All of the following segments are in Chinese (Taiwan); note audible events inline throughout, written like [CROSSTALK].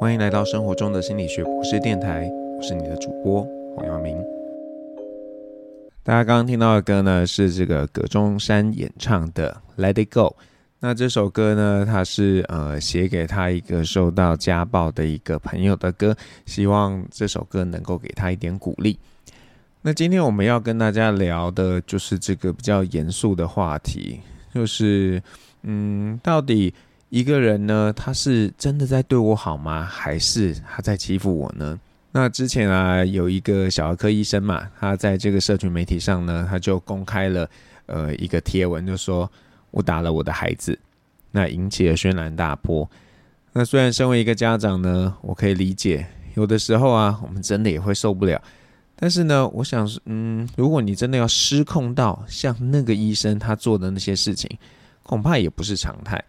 歡迎來到生活中的心理學博士電台，我是你的主播黃耀明。大家剛剛聽到的歌呢，是這個葛中山演唱的《Let It Go》。那這首歌呢，它是呃寫給他一個受到家暴的一個朋友的歌，希望這首歌能夠給他一點鼓勵。那今天我們要跟大家聊的就是這個比較嚴肅的話題，就是嗯，到底。一個人呢，他是真的在對我好嗎？還是他在欺負我呢？那之前啊，有一個小兒科醫生嘛，他在這個社群媒體上呢，他就公開了呃一個貼文就，就說我打了我的孩子，那引起了軒然大波。那雖然身為一個家長呢，我可以理解，有的時候啊，我們真的也會受不了。但是呢，我想，嗯，如果你真的要失控到像那個醫生他做的那些事情，恐怕也不是常態。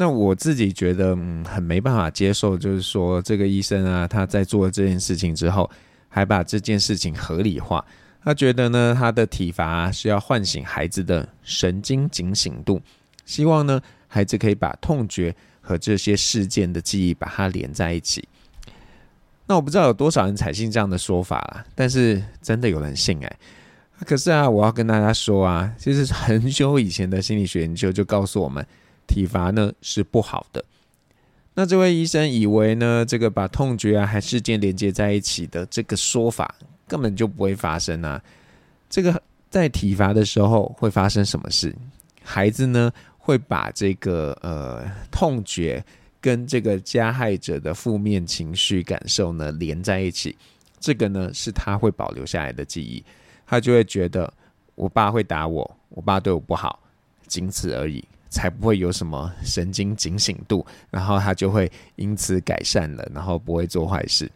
那我自己覺得很沒辦法接受，就是說這個醫生啊，他在做這件事情之後，還把這件事情合理化。他覺得呢，他的體罰啊，是要喚醒孩子的神經警醒度，希望呢孩子可以把痛覺和這些事件的記憶把它連在一起。那我不知道有多少人採信這樣的說法啦，但是真的有人信欸。可是啊，我要跟大家說啊，其實很久以前的心理學研究就告訴我們。體罰呢是不好的。那這位醫生以為呢，這個把痛覺啊和事件連接在一起的這個說法根本就不會發生啊。這個在體罰的時候會發生什麼事？孩子呢會把這個呃痛覺跟這個加害者的負面情緒感受呢連在一起，這個呢是他會保留下來的記憶，他就會覺得我爸會打我，我爸對我不好，僅此而已。才不會有什麼神經警醒度，然後他就會因此改善了，然後不會做壞事。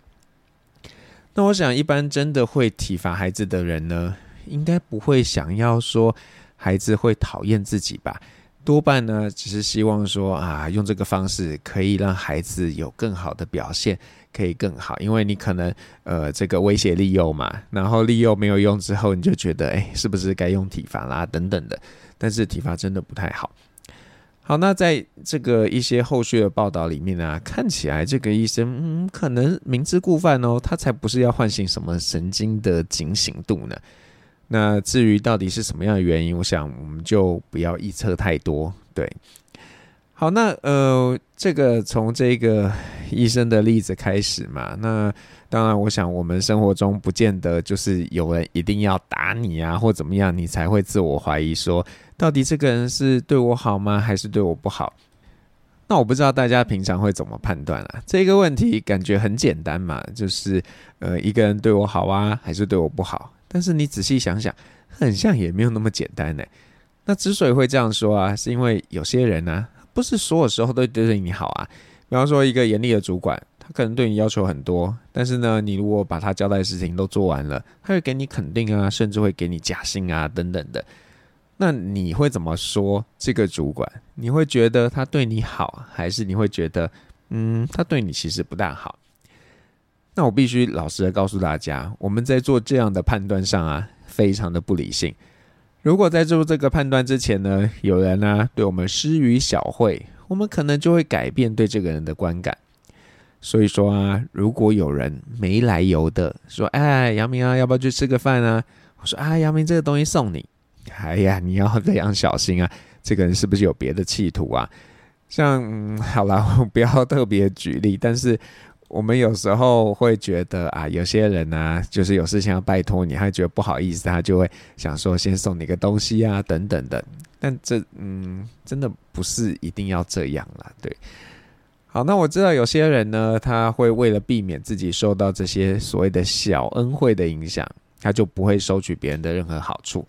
那我想，一般真的會體罰孩子的人呢，應該不會想要說孩子會討厭自己吧？多半呢，只是希望說啊，用這個方式可以讓孩子有更好的表現，可以更好。因為你可能呃這個威脅利誘嘛，然後利誘沒有用之後，你就覺得哎、欸，是不是該用體罰啦？等等的。但是體罰真的不太好。好，那在這個一些後續的報道裡面呢，啊，看起來這個醫生，嗯，可能明知故犯哦，他才不是要喚醒什麼神經的警醒度呢。那至於到底是什麼樣的原因，我想我們就不要臆測太多。對，好，那呃，這個從這個。醫生的例子開始嘛，那當然，我想我們生活中不見得就是有人一定要打你啊，或怎麼樣，你才會自我懷疑說，到底這個人是對我好嗎，還是對我不好？那我不知道大家平常會怎麼判斷啊，這個問題感覺很簡單嘛，就是呃，一個人對我好啊，還是對我不好？但是你仔細想想，很像也沒有那麼簡單呢、欸。那之所以會這樣說啊，是因為有些人呢、啊，不是所有時候都對對你好啊。比方說，一個嚴厲的主管，他可能對你要求很多，但是呢，你如果把他交代的事情都做完了，他會給你肯定啊，甚至會給你加薪啊等等的。那你會怎麼說這個主管？你會覺得他對你好，還是你會覺得，嗯，他對你其實不大好？那我必須老實的告訴大家，我們在做這樣的判斷上啊，非常的不理性。如果在做這個判斷之前呢，有人呢、啊、對我們施予小惠。我們可能就會改變對這個人的觀感，所以說啊，如果有人沒來由的說，哎，楊明啊，要不要去吃個飯啊？我說啊，哎，楊明這個東西送你，哎呀，你要非常小心啊，這個人是不是有別的企圖啊？像，嗯，好啦，我不要特別舉例，但是。我們有時候會覺得啊，有些人呢、啊，就是有事情要拜托你，他會覺得不好意思，他就會想說先送你個東西啊，等等的。但這嗯，真的不是一定要這樣啦。對。好，那我知道有些人呢，他會為了避免自己受到這些所謂的小恩惠的影響，他就不會收取別人的任何好處。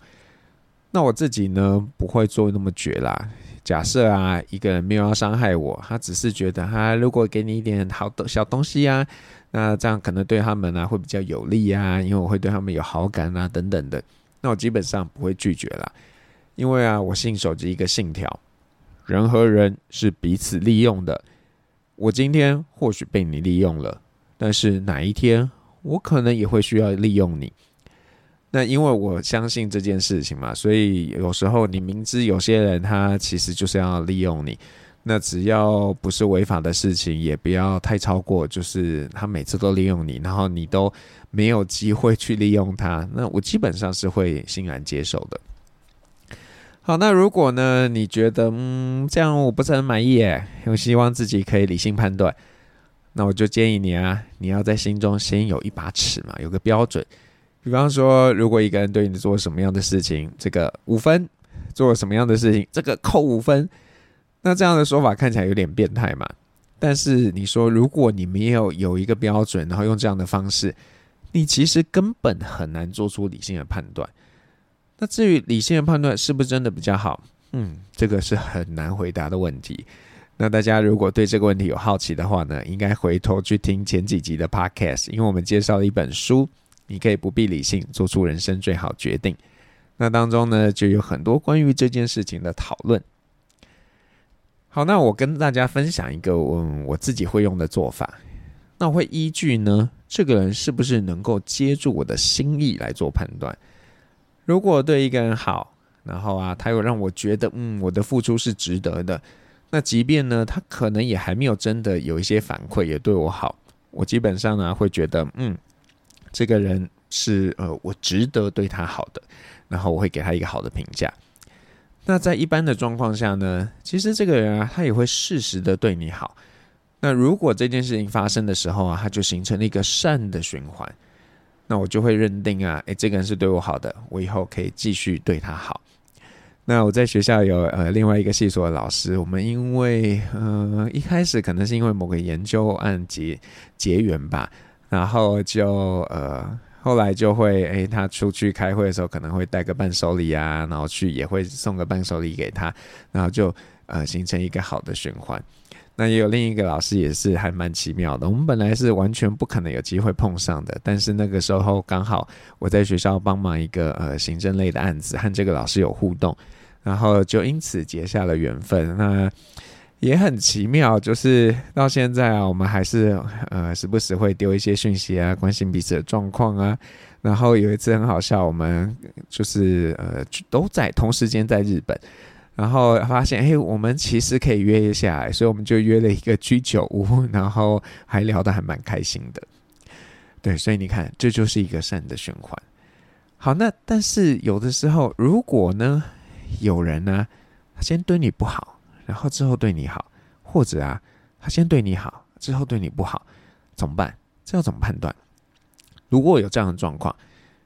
那我自己呢，不會做那麼絕啦。假設啊，一個人沒有要傷害我，他只是覺得，哈，啊，如果給你一點好的小東西啊，那這樣可能對他們啊會比較有利啊，因為我會對他們有好感啊，等等的，那我基本上不會拒絕啦，因為啊，我信守着一個信條，人和人是彼此利用的，我今天或許被你利用了，但是哪一天我可能也會需要利用你。那因為我相信這件事情嘛，所以有時候你明知有些人他其實就是要利用你，那只要不是違法的事情，也不要太超過，就是他每次都利用你，然後你都沒有機會去利用他，那我基本上是會欣然接受的。好，那如果呢，你覺得嗯，這樣我不是很滿意誒，我希望自己可以理性判斷，那我就建議你啊，你要在心中先有一把尺嘛，有個標準。比方說，如果一個人對你做什麼樣的事情，這個五分，做什麼樣的事情，這個扣五分，那這樣的說法看起來有點變態嘛？但是你說，如果你沒有有一個標準，然後用這樣的方式，你其實根本很難做出理性的判斷。那至於理性的判斷是不是真的比較好？嗯，這個是很難回答的問題。那大家如果對這個問題有好奇的話呢，應該回頭去聽前幾集的 Podcast，因為我們介紹了一本書。你可以不必理性，做出人生最好決定。那當中呢，就有很多關於這件事情的討論。好，那我跟大家分享一個，嗯，我自己會用的做法。那我會依據呢，這個人是不是能夠接住我的心意來做判斷。如果對一個人好，然後啊，他又讓我覺得，嗯，我的付出是值得的。那即便呢，他可能也還沒有真的有一些反饋，也對我好，我基本上呢，會覺得，嗯。這個人是呃，我值得對他好的，然後我會給他一個好的評價。那在一般的狀況下呢，其實這個人啊，他也會適時的對你好。那如果這件事情發生的時候啊，他就形成了一個善的循環，那我就會認定啊，誒，這個人是對我好的，我以後可以繼續對他好。那我在學校有呃另外一個系所的老師，我們因為呃一開始可能是因為某個研究案結結緣吧。然後就呃，後來就會誒，他出去開會的時候可能會帶個伴手禮啊，然後去也會送個伴手禮給他，然後就呃形成一個好的循環。那也有另一個老師也是還蠻奇妙的，我們本來是完全不可能有機會碰上的，但是那個時候剛好我在學校幫忙一個呃行政類的案子，和這個老師有互動，然後就因此結下了緣分。那也很奇妙，就是到現在啊，我們還是呃時不時會丟一些訊息啊，關心彼此的狀況啊。然後有一次很好笑，我們就是呃都在同時間在日本，然後發現嘿，我們其實可以約一下，所以我們就約了一個居酒屋，然後還聊得還蠻開心的。對，所以你看，這就是一個善的循環。好，那但是有的時候，如果呢有人呢、啊、他先對你不好。然後之後對你好，或者啊，他先對你好，之後對你不好，怎麼辦？這要怎麼判斷？如果有這樣的狀況，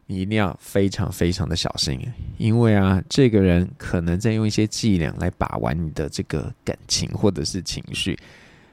你一定要非常非常的小心，因為啊，這個人可能在用一些伎倆來把玩你的這個感情或者是情緒。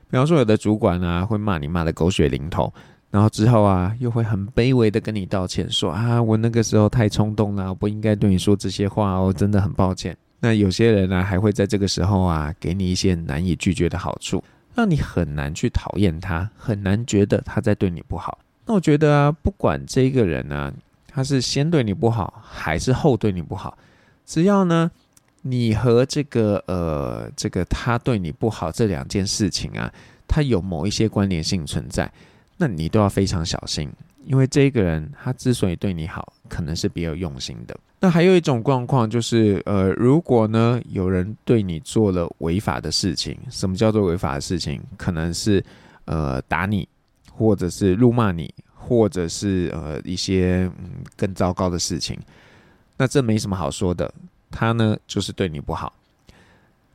比方說，有的主管啊，會罵你罵得狗血淋頭，然後之後啊，又會很卑微的跟你道歉，說啊，我那個時候太衝動了，我不應該對你說這些話哦，真的很抱歉。那有些人呢、啊，還會在這個時候啊，給你一些難以拒絕的好處，讓你很難去討厭他，很難覺得他在對你不好。那我覺得啊，不管這個人呢、啊，他是先對你不好，還是後對你不好，只要呢，你和這個呃這個他對你不好這兩件事情啊，他有某一些關聯性存在，那你都要非常小心，因為這個人他之所以對你好，可能是別有用心的。那還有一種狀況就是，呃，如果呢，有人對你做了違法的事情，什麼叫做違法的事情？可能是，呃，打你，或者是辱罵你，或者是呃一些、嗯、更糟糕的事情。那這沒什麼好說的，他呢就是對你不好。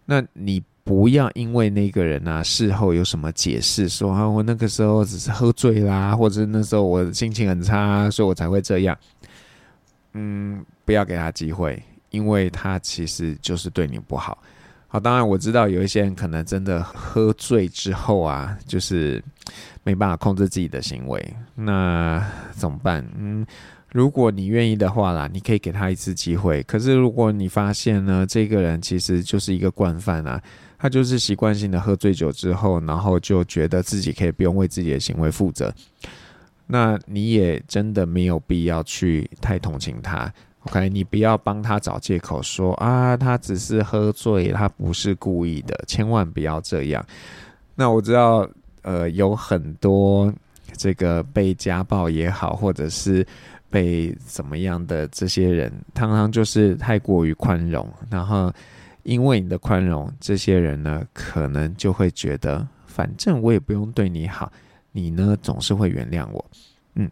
那你不要因為那個人啊事後有什麼解釋，說啊，我那個時候只是喝醉啦，或者那時候我的心情很差，所以我才會這樣。嗯，不要給他機會，因為他其實就是對你不好。好，當然我知道有一些人可能真的喝醉之後啊，就是沒辦法控制自己的行為。那怎麼辦？嗯，如果你願意的話啦，你可以給他一次機會。可是如果你發現呢，這個人其實就是一個慣犯啊，他就是習慣性的喝醉酒之後，然後就覺得自己可以不用為自己的行為負責。那你也真的沒有必要去太同情他，OK？你不要幫他找借口說啊，他只是喝醉，他不是故意的，千萬不要這樣。那我知道，呃，有很多這個被家暴也好，或者是被怎麼樣的這些人，常常就是太過於寬容，然後因為你的寬容，這些人呢可能就會覺得，反正我也不用對你好。你呢，總是會原諒我。嗯，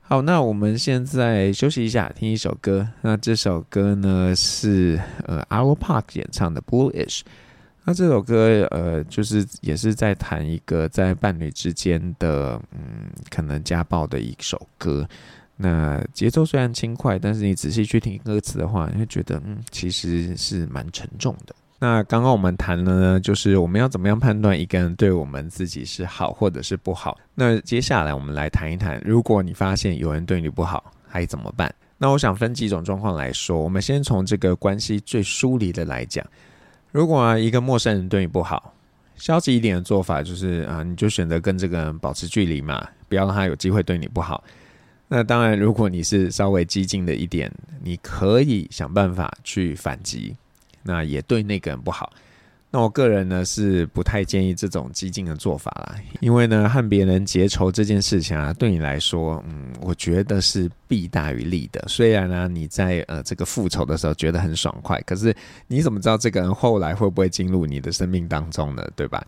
好，那我們現在休息一下，聽一首歌。那這首歌呢是呃，Our Park 演唱的《Bullish》。那這首歌呃，就是也是在談一個在伴侶之間的嗯，可能家暴的一首歌。那節奏雖然輕快，但是你仔細去聽歌詞的話，你會覺得嗯，其實是蠻沉重的。那剛剛我們談了呢，就是我們要怎麼樣判斷一個人對我們自己是好或者是不好。那接下來我們來談一談，如果你發現有人對你不好，該怎麼辦？那我想分幾種狀況來說。我們先從這個關係最疏離的來講，如果啊，一個陌生人對你不好，消極一點的做法就是啊，你就選擇跟這個人保持距離嘛，不要讓他有機會對你不好。那當然，如果你是稍微激進的一點，你可以想辦法去反擊。那也對那個人不好。那我個人呢是不太建議這種激進的做法啦，因為呢和別人結仇這件事情啊，對你來說，嗯，我覺得是弊大於利的。雖然呢，啊，你在呃這個復仇的時候覺得很爽快，可是你怎麼知道這個人後來會不會進入你的生命當中呢？對吧？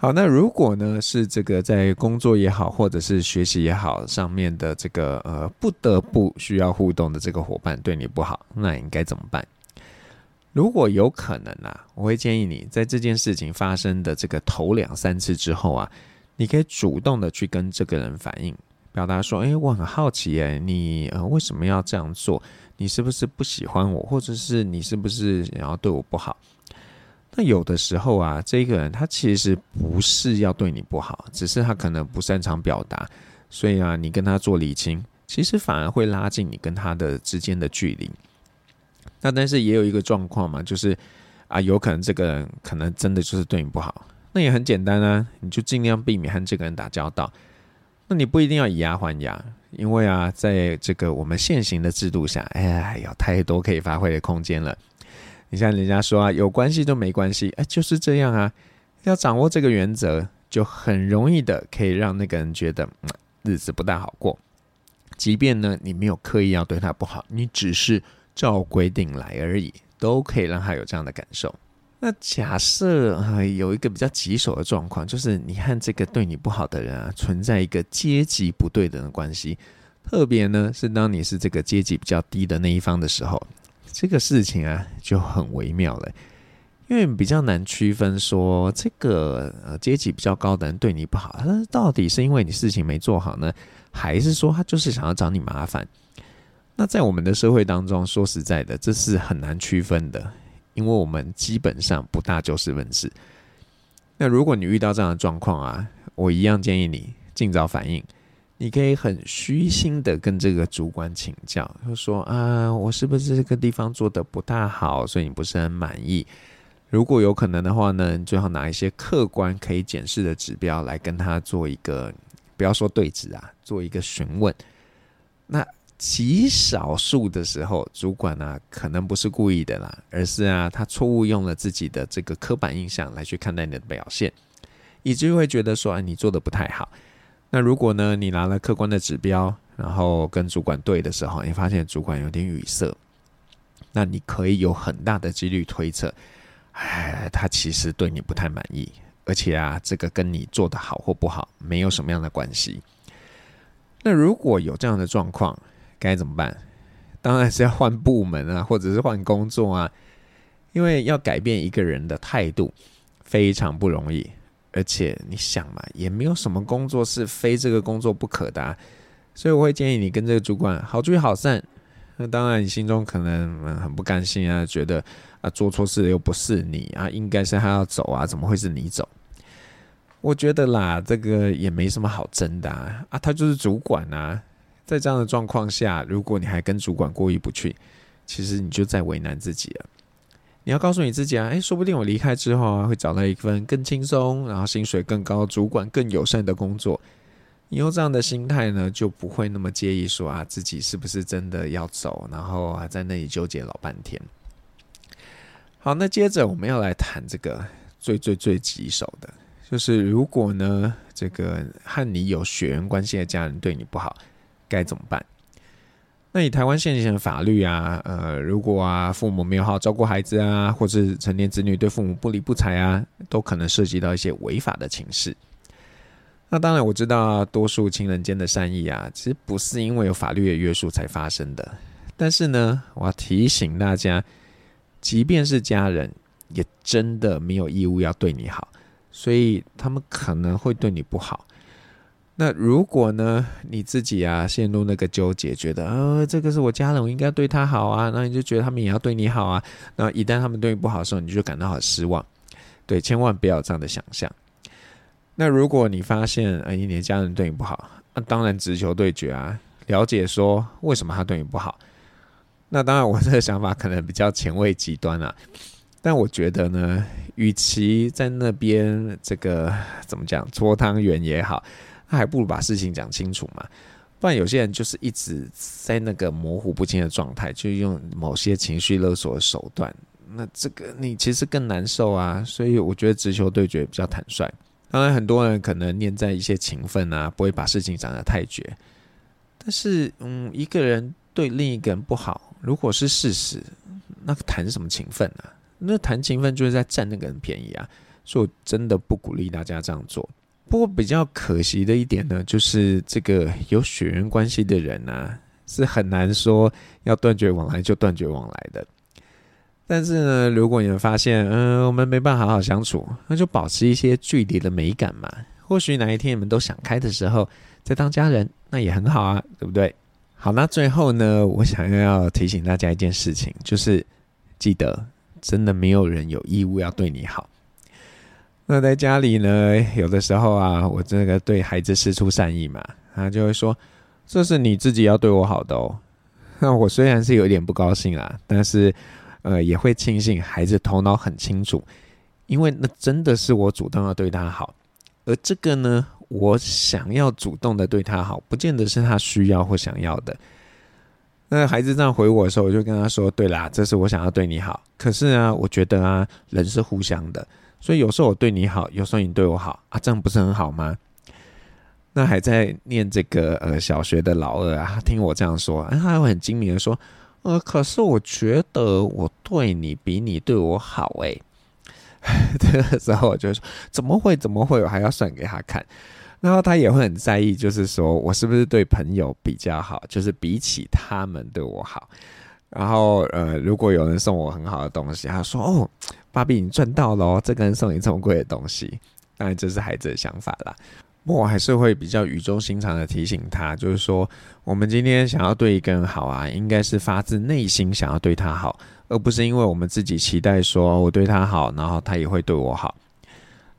好，那如果呢是這個在工作也好，或者是學習也好上面的這個呃不得不需要互動的這個夥伴對你不好，那應該怎麼辦？如果有可能啊，我會建議你在這件事情發生的這個頭兩三次之後啊，你可以主動的去跟這個人反映，表達說：“誒、欸，我很好奇，誒，你、呃、為什麼要這樣做？你是不是不喜歡我？或者是你是不是想要對我不好？”那有的時候啊，這個人他其實不是要對你不好，只是他可能不擅長表達，所以啊，你跟他做理清，其實反而會拉近你跟他的之間的距離。那但是也有一個狀況嘛，就是啊，有可能這個人可能真的就是對你不好。那也很簡單啊，你就盡量避免和這個人打交道。那你不一定要以牙還牙，因為啊，在這個我們現行的制度下，哎呀，有太多可以發揮的空間了。你像人家說啊，有關係就沒關係，哎、啊，就是這樣啊。要掌握這個原則，就很容易的可以讓那個人覺得、嗯、日子不大好過。即便呢，你沒有刻意要對他不好，你只是，照規定來而已，都可以讓他有這樣的感受。那假設、呃、有一個比較棘手的狀況，就是你和這個對你不好的人啊，存在一個階級不對等的關係。特別呢，是當你是這個階級比較低的那一方的時候，這個事情啊就很微妙了，因為比較難區分說這個、呃、階級比較高的人對你不好，但是到底是因為你事情沒做好呢，還是說他就是想要找你麻煩？那在我們的社會當中，說實在的，這是很難區分的，因為我們基本上不大就事論事。那如果你遇到這樣的狀況啊，我一樣建議你儘早反應。你可以很虛心的跟這個主管請教，就是、說啊、呃，我是不是這個地方做得不大好，所以你不是很滿意？如果有可能的話呢，你最好拿一些客觀可以檢視的指標來跟他做一個，不要說對質啊，做一個詢問。那。極少數的時候，主管呢、啊、可能不是故意的啦，而是啊他錯誤用了自己的這個刻板印象來去看待你的表現，以至於會覺得說，啊、哎，你做的不太好。那如果呢，你拿了客觀的指標，然後跟主管對的時候，你發現主管有點語塞，那你可以有很大的幾率推測，哎，他其實對你不太滿意，而且啊這個跟你做的好或不好沒有什麼樣的關係。那如果有這樣的狀況，該怎麼辦？當然是要換部門啊，或者是換工作啊，因為要改變一個人的態度非常不容易。而且你想嘛，也沒有什麼工作是非這個工作不可的啊，所以我會建議你跟這個主管好聚好散。那當然，你心中可能很不甘心啊，覺得啊做錯事的又不是你啊，應該是他要走啊，怎麼會是你走？我覺得啦，這個也沒什麼好爭的啊，啊，他就是主管啊。在這樣的狀況下，如果你還跟主管過意不去，其實你就在為難自己了。你要告訴你自己啊，誒、欸，說不定我離開之後啊，會找到一份更輕鬆，然後薪水更高，主管更友善的工作。你用這樣的心態呢，就不會那麼介意說啊，自己是不是真的要走，然後還在那裡糾結老半天。好，那接着我們要來談這個最最最棘手的，就是如果呢，這個和你有血緣關係的家人對你不好，該怎麼辦？那以台灣現行的法律啊，呃，如果啊父母沒有好好照顧孩子啊，或是成年子女對父母不理不睬啊，都可能涉及到一些違法的情事。那當然我知道啊，多數親人間的善意啊，其實不是因為有法律的約束才發生的。但是呢，我要提醒大家，即便是家人，也真的沒有義務要對你好，所以他們可能會對你不好。那如果呢？你自己啊陷入那個糾結，覺得呃，這個是我家人，我應該對他好啊，那你就覺得他們也要對你好啊。那一旦他們對你不好的時候，你就感到很失望。對，千萬不要有這樣的想象。那如果你發現啊、呃、你的家人對你不好，那、啊、當然直球對決啊，了解說為什麼他對你不好。那當然我這個想法可能比較前衛極端啊，但我覺得呢，與其在那邊這個怎麼講搓湯圓也好。他還不如把事情講清楚嘛，不然有些人就是一直在那個模糊不清的狀態，就用某些情緒勒索的手段。那這個你其實更難受啊。所以我覺得直球對決比較坦率。當然，很多人可能念在一些情分啊，不會把事情講得太絕。但是，嗯，一個人對另一個人不好，如果是事實，那談什麼情分啊？那談情分就是在占那個人便宜啊。所以，我真的不鼓勵大家這樣做。不過比較可惜的一點呢，就是這個有血緣關係的人吶，是很難說要斷絕往來就斷絕往來的。但是呢，如果你們發現，嗯，我們沒辦法好好相處，那就保持一些距離的美感嘛。或許哪一天你們都想開的時候，再當家人，那也很好啊，對不對？好，那最後呢，我想要提醒大家一件事情，就是記得，真的沒有人有義務要對你好。那在家裡呢，有的時候啊，我這個對孩子釋出善意嘛，他就會說：“這是你自己要對我好的哦。”那我雖然是有一點不高興啦、啊，但是呃也會慶幸孩子頭腦很清楚，因為那真的是我主動要對他好。而這個呢，我想要主動的對他好，不見得是他需要或想要的。那孩子這樣回我的時候，我就跟他說：“對啦，這是我想要對你好。可是呢、啊，我覺得啊，人是互相的。”所以有時候我對你好，有時候你對我好啊，這樣不是很好嗎？那還在念這個呃小學的老二啊，聽我這樣說，他還會很精明地說，呃，可是我覺得我對你比你對我好誒。 [LAUGHS] 這個時候我就說，怎麼會？怎麼會？我還要算給他看。然後他也會很在意，就是說我是不是對朋友比較好，就是比起他們對我好。然後，呃，如果有人送我很好的東西，他說：“哦，爸比，你賺到咯！這個人送你這麼貴的東西。”當然這是孩子的想法啦。不過我還是會比較語重心長的提醒他，就是說，我們今天想要對一個人好啊，應該是發自內心想要對他好，而不是因為我們自己期待說我對他好，然後他也會對我好。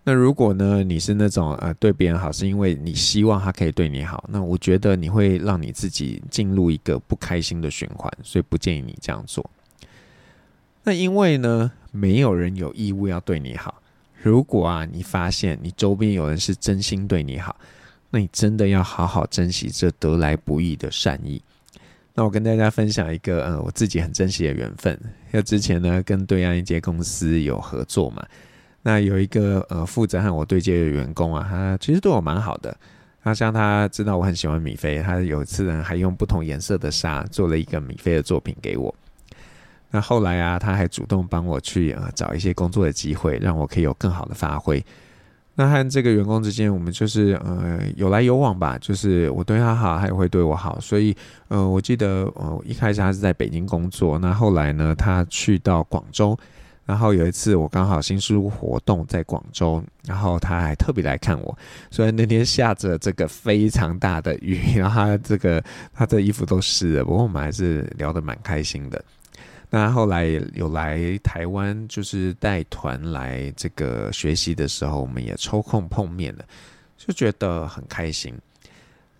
那如果呢，你是那種呃，對別人好是因為你希望他可以對你好，那我覺得你會讓你自己進入一個不開心的循環，所以不建議你這樣做。那因為呢，沒有人有義務要對你好。如果啊，你發現你周邊有人是真心對你好，那你真的要好好珍惜這得來不易的善意。那我跟大家分享一個呃，我自己很珍惜的緣分。要之前呢，跟對岸一間公司有合作嘛。那有一個呃負責和我對接的員工啊，他其實對我蠻好的。他像他知道我很喜歡米菲，他有一次人還用不同顏色的紗做了一個米菲的作品給我。那後來啊，他還主動幫我去、呃、找一些工作的機會，讓我可以有更好的發揮。那和這個員工之間，我們就是呃有來有往吧，就是我對他好，他也會對我好。所以呃，我記得、呃、一開始他是在北京工作，那後來呢，他去到廣州。然後有一次，我剛好新書活動在廣州，然後他還特別來看我。雖然那天下着這個非常大的雨，然後他這個他這衣服都濕了，不過我們還是聊得蠻開心的。那後來有來台灣，就是帶團來這個學習的時候，我們也抽空碰面了，就覺得很開心。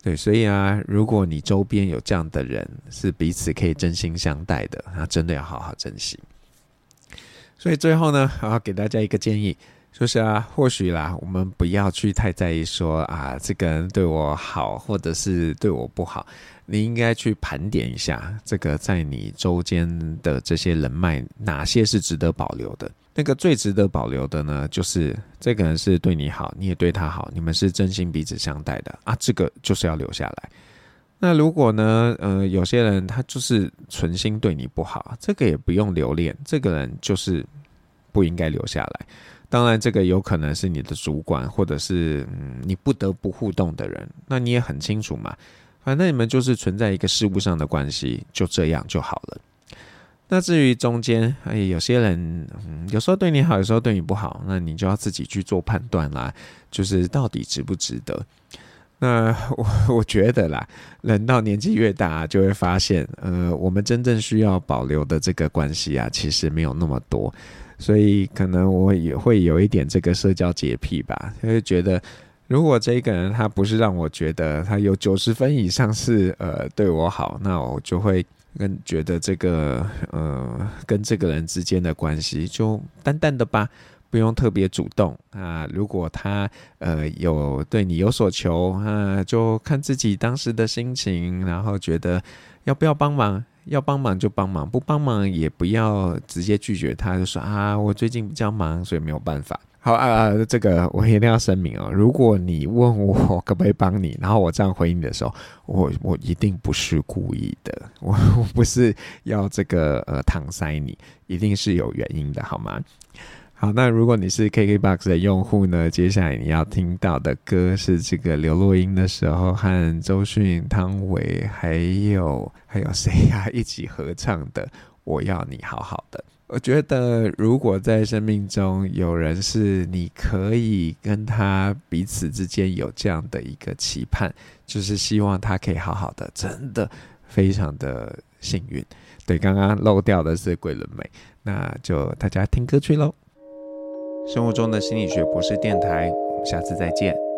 對，所以啊，如果你周邊有這樣的人，是彼此可以真心相待的，那真的要好好珍惜。所以最後呢，要給大家一個建議，就是啊，或許啦，我們不要去太在意說啊，這個人對我好，或者是對我不好。你應該去盤點一下，這個在你周間的這些人脈，哪些是值得保留的？那個最值得保留的呢，就是這個人是對你好，你也對他好，你們是真心彼此相待的啊，這個就是要留下來。那如果呢？呃，有些人他就是存心對你不好，這個也不用留戀，這個人就是不應該留下來。當然，這個有可能是你的主管，或者是，嗯，你不得不互動的人，那你也很清楚嘛。反正你們就是存在一個事物上的關係，就這樣就好了。那至於中間，哎，欸，有些人，嗯，有時候對你好，有時候對你不好，那你就要自己去做判斷啦，就是到底值不值得。那我我覺得啦，人到年紀越大啊，就會發現，呃，我們真正需要保留的這個關係啊，其實沒有那麼多，所以可能我也會有一點這個社交潔癖吧，因為覺得，如果這一個人他不是讓我覺得他有九十分以上是呃對我好，那我就會跟覺得這個呃跟這個人之間的關係就淡淡的吧。不用特別主動啊，如果他呃有對你有所求啊，就看自己當時的心情，然後覺得要不要幫忙，要幫忙就幫忙，不幫忙也不要直接拒絕他，就說啊，我最近比較忙，所以沒有辦法。好啊啊，這個我一定要聲明啊，哦，如果你問我可不可以幫你，然後我這樣回應的時候，我我一定不是故意的，我我不是要這個呃搪塞你，一定是有原因的，好嗎？好，那如果你是 KKBOX 的用戶呢？接下來你要聽到的歌是這個劉若英的時候和周迅、湯唯還有還有誰啊一起合唱的《我要你好好的》。我覺得如果在生命中有人是你可以跟他彼此之間有這樣的一個期盼，就是希望他可以好好的，真的非常的幸運。對，剛剛漏掉的是桂綸鎂，那就大家聽歌曲嘍。生活中的心理學博士電台。我們下次再見。